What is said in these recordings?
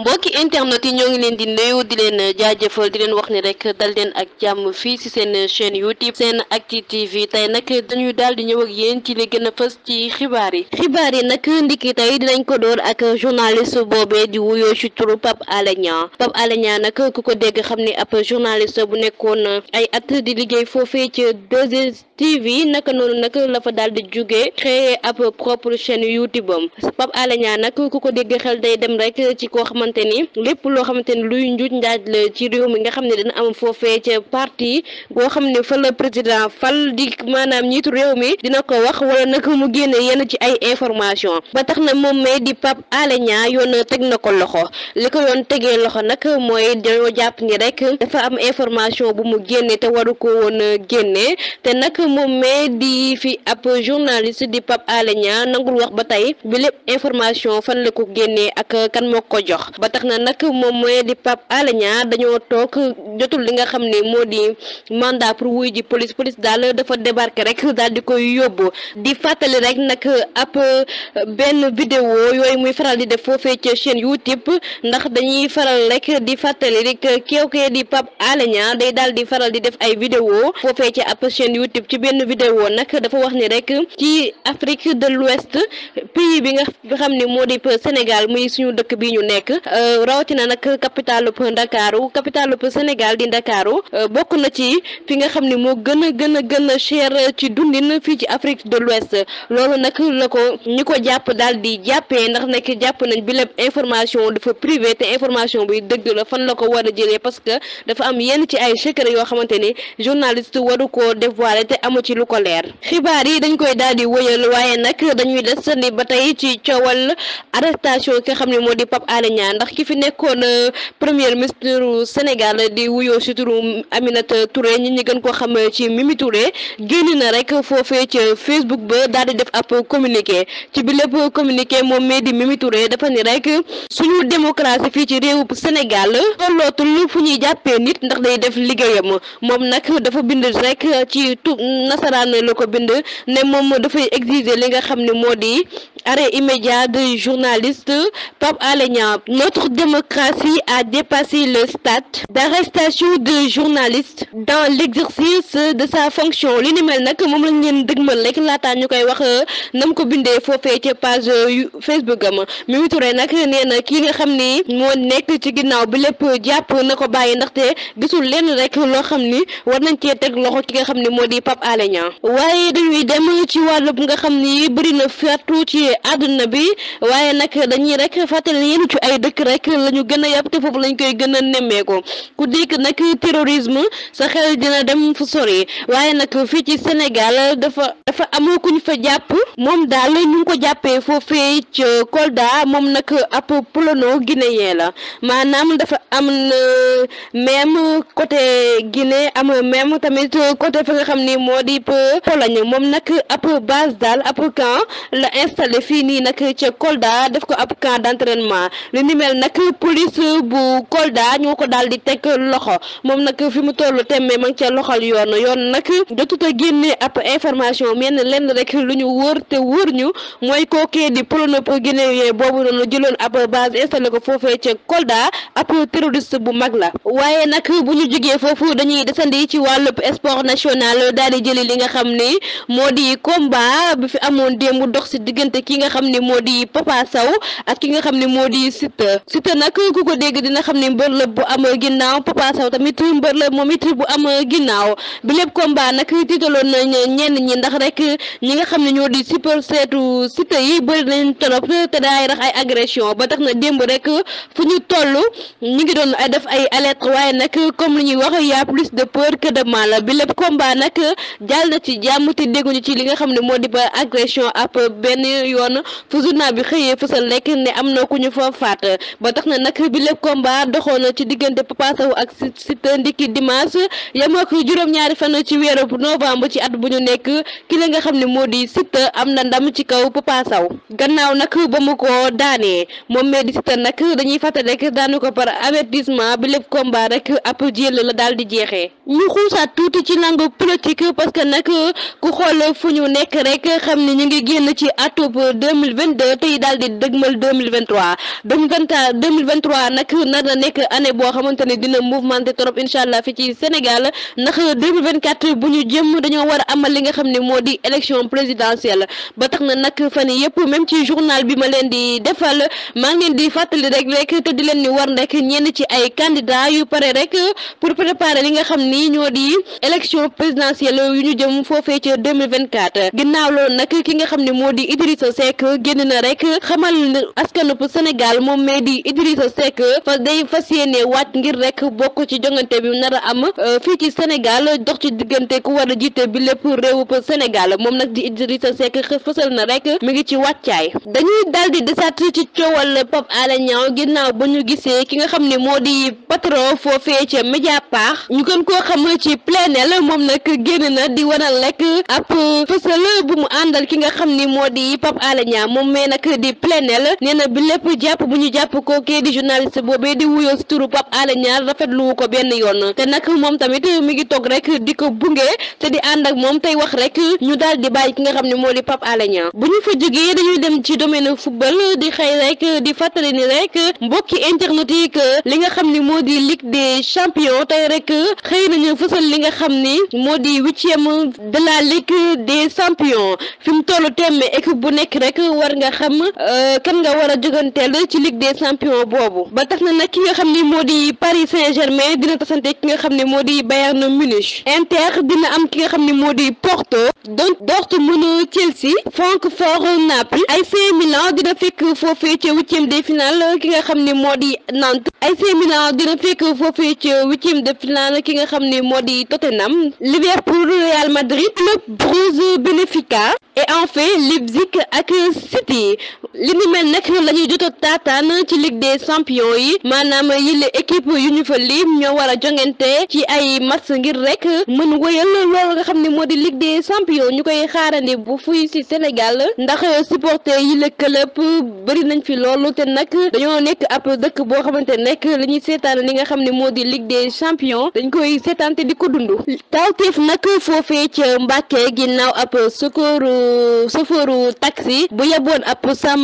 mbokki internet yi ñoo ngi leen di nuyu di leen jaajëfal di leen wax ni rek dal leen ak jàmm fii ci seen chaîne youtube seen acti tv tey nag dañuy daal di ñëw ak yéen ci li gën a fës ci xibaar yi xibaar yi nag ndiki tey dinañ ko door ak journaliste boobee di wuyoo ci turu Pape Alé Niang Pape Alé Niang nag ku ko dégg xam ni ab journaliste bu nekkoon ay at di liggéey foofee ci 2 TV naka noonu nag la fa daal di jugee créer ab propre chaîne YouTube am Pape Alé Niang ku ko dégg xel day dem rek ci koo xamante ni lépp loo xamante ni luy njuuj njaaj la ci réew mi nga xam ne dina am foofee ca parti boo xam ne fa la président fal di maanaam njiitu réew mi dina ko wax wala nag mu génne yenn ci ay information ba tax na moom may di Pape Alé Niang yoon teg na ko loxo li ko yoon tegee loxo nag mooy dañoo jàpp ni rek dafa am information bu mu génne te waru ko woon génne moomee di fi ab journaliste di Pape Alé Niang nangul wax ba tey bi lépp information fan la ko génnee ak kan moo ko jox ba tax na nag moomee di pap Alé dañoo toog jotul li nga xam ne moo di mandat pour wuy ji police police daal dafa débarqué rek daal di koy yóbbu di fàttali rek nag ab benn vidéo yooyu muy faral di def foofee ca chaîne YouTube ndax dañuy faral rek di fàttali rek kéew kee di Pape Alé day daal di faral di def ay vidéo foofee ca ab benn vidéo nag dafa wax ni rek ci Afrique de l'Ouest pays bi nga xam ni moo di Sénégal muy suñu dëkk bi ñu nekk euh, rawatina nag capitalu Ndakaaru capitalu Sénégal di Ndakaaru euh, bokk na ci fi nga xam ni moo gën a gën a gën a cher ci dundin fii ci Afrique de l'Ouest loolu nag la ko ñi ko jàpp daal di jàppee ndax nag jàpp nañ bi lépp information dafa privé te information bi dëgg la fan la ko war a jëlee parce que dafa am yenn ci ay secret yoo xamante ni journaliste amu ci lu ko leer xibaar yi dañ koy daal di wëyal waaye nag dañuy desandi ba tey ci coowal arrestation ki xam ne moo di Pape Alé ndax ki fi nekkoon euh, premier ministre Sénégal di wuyoo si turu Aminata Touré ñi ñi gën ko xam ci Mimi Touré génn na rek foofee ci Facebook ba daal di def ab communiqué ci bi lépp communiqué moom mii di Mimi Touré dafa ni rek suñu démocratie fii ci réew Sénégal tollootul fu ñuy jàppee nit ndax day def liggéeyam moom nag nasaraan la ko bind ne moom dafay exiger li nga xam ne moo di Arrêt immédiat du journaliste Pape Alenia. Notre démocratie a dépassé le stade d'arrestation de journalistes dans l'exercice de sa fonction. li ni mel nag moom lañ leen dëgmal rek laataa ñu koy wax nam ko bindee foofee ca page Facebook am Mimi Touré nag nee na ki nga xam ni moo nekk ci ginnaaw bi lépp jàpp na ko bàyyi ndaxte gisul lenn rek loo xam ni war nañ cee teg loxo ki nga xam ni moo di Pape Alenia. waaye dañuy dem ci wàllub nga xam ni bëri na àdduna bi waaye nag dañuy rek fàttali yéen ci ay dëkk rek ñu gën a yàpp te foofu lañu koy gën a nemmeeku ku dikk nag terrorisme sa xel dina dem fu sori waaye nag fii ci Sénégal dafa dafa amoo ku ñu fa jàpp moom daal ñu ngi ko jàppee foofee ci Kolda moom nag ab polono guinéen la maanaam dafa am euh, même côté Guinée am même tamit côté fa nga xam ni moo di Pologne moom nag ab base daal ab camp la installé fii nii nag ca Kolda def ko ab camp d'entraînement li ni mel nag police bu Kolda ñoo ko daal di teg loxo moom nag fi mu toll temme ma ngi ca loxol yoon yoon nag jotut a génne ab information men lenn rek lu ñu wóor te wër ñu mooy kookee di polonop guinéen boobu noonu jëloon ab base installé ko foofee ca Kolda ab terroriste bu mag la waaye nag bu ñu jógee foofu dañuy desandi ci wàllub sport national daal di jëli li nga xam ni moo di combat bi fi amoon démb dox diggante ki nga xam ne moo di Papa Sow ak ki nga xam ne moo di Siteu Siteu nag ku ko dégg dina xam ne mbër la bu am ginnaaw Papa Sow tamit mbër la moom it bu am ginnaaw bi lépp combat nag tiitaloon na ñenn ñi ndax rek ñi nga xam ne ñoo di super seetu Siteu yi bëri nañ te daay rax ay agression ba tax na démb rek fu ñu toll ñu ngi doon def ay alerte waaye nag comme li ñuy wax y'a plus de peur que de bi lépp combat nag jàll na ci jàmm te dégguñu ci li nga xam ne moo di ba agression ab benn yoon fu journal bi xëyee fësal nekk ne am na ku ñu fa faat ba tax na nag bi lépp combat doxoon ci diggante Papa Sow ak Siteu ndiki dimanche yem ak juróom-ñaari fan ci weeru novembre ci at bu ñu nekk ki la nga xam ne moo di Siteu am na ndam ci kaw Papa gannaaw nag ba mu ko daanee moom mee di Siteu nag dañuy fàttali rek daanu ko par avertissement bi lépp combat rek ab jël la daal di jeexee ñu xuusaat tuuti ci langue politique parce que nag ku xool fu ñu nekk rek deux mille vingt deux tey daal di dëgmal deux mille vingt trois deux mille vingt trois nag na nekk année boo xamante ne dina mouvementé trop incha allah fi ci Sénégal ndax bu ñu jëm dañoo war a amal li nga xam ne moo di élection présidentielle ba tax na nag fan yëpp même ci journal bi ma leen di defal maa ngi di fàttali rek te di leen ni war rek ñenn ci ay candidat yu pare rek pour préparer li nga xam ni ñoo di élection présidentielle yu ñu jëm foofee ci deux loolu nag ki nga Seck génn na rek xamal askanu Sénégal moom mais di Idrissa Seck fa day fas yéene waat ngir rek bokk ci jongante bi nar a am euh, fii ci Sénégal dox ci diggante ku war a jiite bi lépp réewub Sénégal moom nag di Idrissa Seck fësal na rek mi ngi ci wàccaay dañuy daal di desaat ci coowal Pape Alé Niang ginnaaw ba ñu gisee ki nga xam ne moo di patron foofee ca Mediapart ñu gën ko xam ci Plenel moom nag génn na di wanal rek ab fësal bu mu àndal ki Alé moom mee nag di plénel nee na bi lépp jàpp bu ñu jàpp ko kii di journaliste boobee di wuyoo si turu Pape Alé Niang rafetlu ko benn yoon te nag moom tamit mi ngi toog rek di ko bunge te di ànd ak moom tey wax rek ñu daal di bàyyi ki nga xam ne moo di Pape Alé bu ñu fa jógee dañuy dem ci domaine football di xëy rek di fàttali ni rek mbokki internet yi li nga xam ni moo di ligue des champions te rek xëy nañu fësal li nga xam ni moo di huitième de la ligue des champions fi mu tollu temm équipe bu nekk nekk rek war nga xam euh, kan nga war a jóganteel ci ligue des champions boobu ba tax na nag ki nga xam ni moo di Paris Saint-Germain dina tasante ki nga xam ne moo di Bayern Munich Inter dina am ki nga xam ne moo di Porto donc Dortmund Chelsea Francfort Naples AC Milan dina fekk foofee ca huitième de finale ki nga xam ne moo di Nantes AC Milan dina fekk foofee ca huitième de finale ki nga xam ne moo di Tottenham Liverpool Real Madrid Club Bruges Benfica et en fait Leipzig ak City li ni mel nag la ñuy jot a taataan ci ligue des champions yi maanaam yile équipe yu ñu fa lim ñoo war a jongante ci ay match ngir rek mën wëyal loolu nga xam ni moo di ligue des ñu koy xaarandi bu fuy ci Sénégal ndax supporter yi la club bëri nañ fi loolu te nag dañoo nekk ab dëkk boo xamante nekk li ñuy seetaan li nga xam ne moo di ligue des dañ koy seetaan te di ko dund tawteef nag foofee ca Mbàkke ginnaaw ab sokooru sofooru ta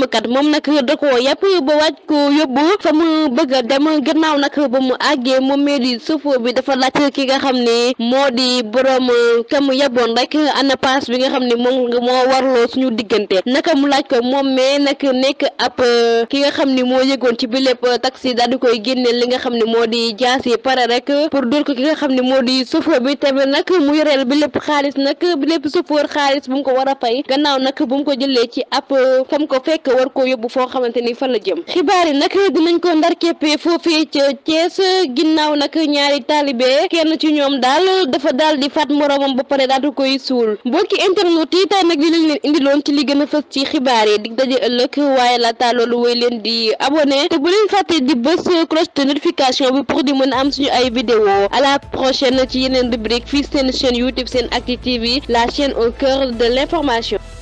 sàmmkat moom nag da koo yàpp ba waaj ko yóbbu fa mu bëgg a dem gannaaw nag ba mu àggee moom mee di sofo bi dafa laaj ki nga xam ne moo di borom kam yaboon rek ana paas bi nga xam ne moom moo loo suñu diggantee naka mu laaj ko moom mee nag nekk ab eh, ki nga xam ni moo yëgoon ci bi lépp taxi daal di koy génne li nga xam ne moo di jaas yi pare rek pour dóor ko ki nga xam ne moo di sofo bi tamit nag mu yoreel bi lépp xaalis nag bi lépp sofoor xaalis bu ko war a fay rek war koo yóbbu foo xamante ni fa la jëm xibaar yi nag dinañ ko ndar keppee foofee ca Thiès ginnaaw nag ñaari taalibe kenn ci ñoom daal dafa daal di faat moroomam ba pare daal di koy suul mbokki internet yi tey nag li lañ leen indiloon ci li gën a fës ci xibaar yi dig daje ëllëg waaye laata lu woy leen di abonné te bu leen fàtte di bës cloche de notification bi pour di mën a am suñu ay vidéo à la prochaine ci yeneen rubrique fii seen chaîne YouTube SENactu TV la chaîne au